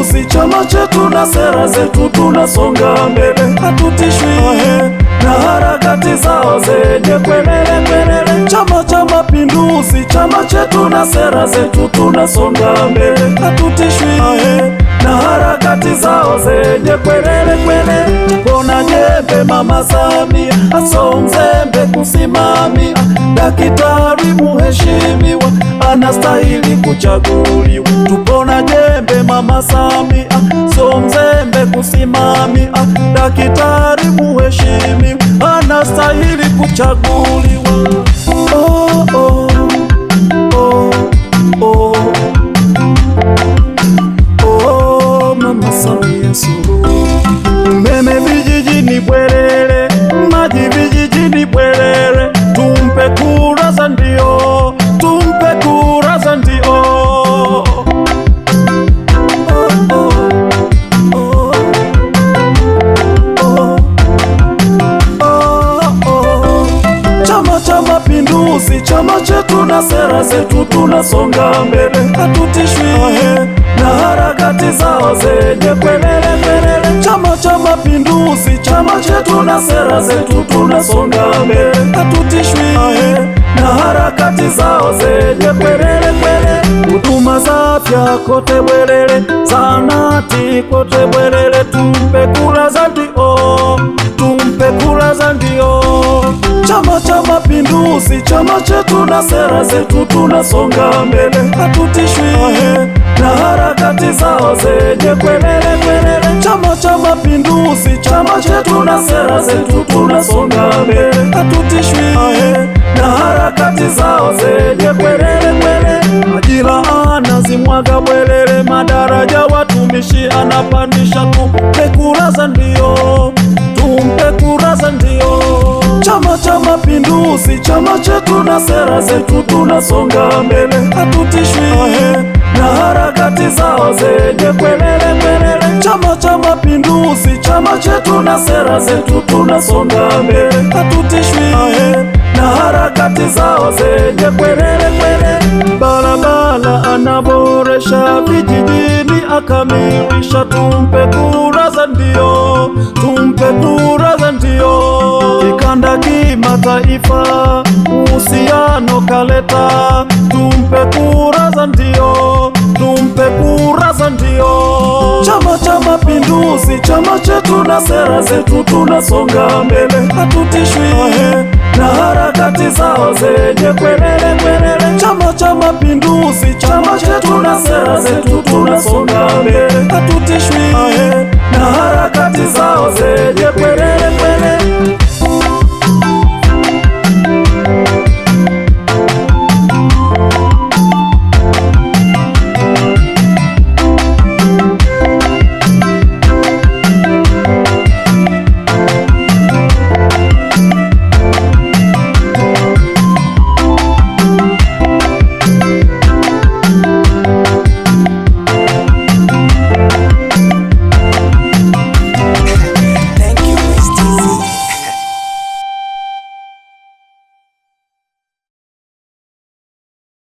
uchaguzi, chama chetu na sera zetu, tunasonga mbele, hatutishwi na harakati zao zenye kwenele kwenele. Chama cha Mapinduzi, chama chetu na sera zetu, tunasonga mbele, hatutishwi na harakati zao zenye kwenele kwenele. Pona jembe Mama Samia asonzembe kusimamia, Daktari muheshimiwa anastahili kuchaguliwa. Tupona jembe Mama Samia, so mzembe kusimamia. Daktari muheshimiwa, anastahili kuchaguliwa. oh, oh. mageuzi, chama chetu na sera zetu, tunasonga mbele, hatutishwi ahe na harakati zao zenye kwenele kwenele. Chama cha Mapinduzi, chama chetu na sera zetu, tunasonga mbele, hatutishwi ahe na harakati zao zenye kwenele kwenele. Huduma za afya kote Bwerere, zahanati kote Bwerere, tumpe kura za ndio, tumpe kura za ndio, chama cha mapinduzi, chama chetu na sera zetu, tunasonga mbele, hatutishwi na harakati zao zenye kwenele kwenele. Chama cha Mapinduzi, chama chetu na sera zetu, tunasonga mbele, hatutishwi na harakati zao zenye kwenele kwenele. Ajira anazimwaga bwelele, madaraja watumishi anapandisha tu, mpe kura za ndio, tumpe kura za ndio, chama cha sisi chama chetu na sera zetu tunasonga mbele, hatutishwi na harakati zao zenye kwelele kwelele. Chama cha Mapinduzi, chama chetu na sera zetu tunasonga mbele, hatutishwi na harakati zao zenye kwelele kwelele. Barabara anaboresha vijijini, akamilisha, tumpe kura za ndio taifa, uhusiano kaleta. Tumpe kura za ndio, tumpe kura za ndio. Chama cha Mapinduzi, chama chetu na sera zetu, tunasonga mbele, hatutishwi na harakati zao zenye kwenele kwenele. Chama cha Mapinduzi, chama chetu na sera zetu, tunasonga mbele, hatutishwi na harakati zao zenye kwenele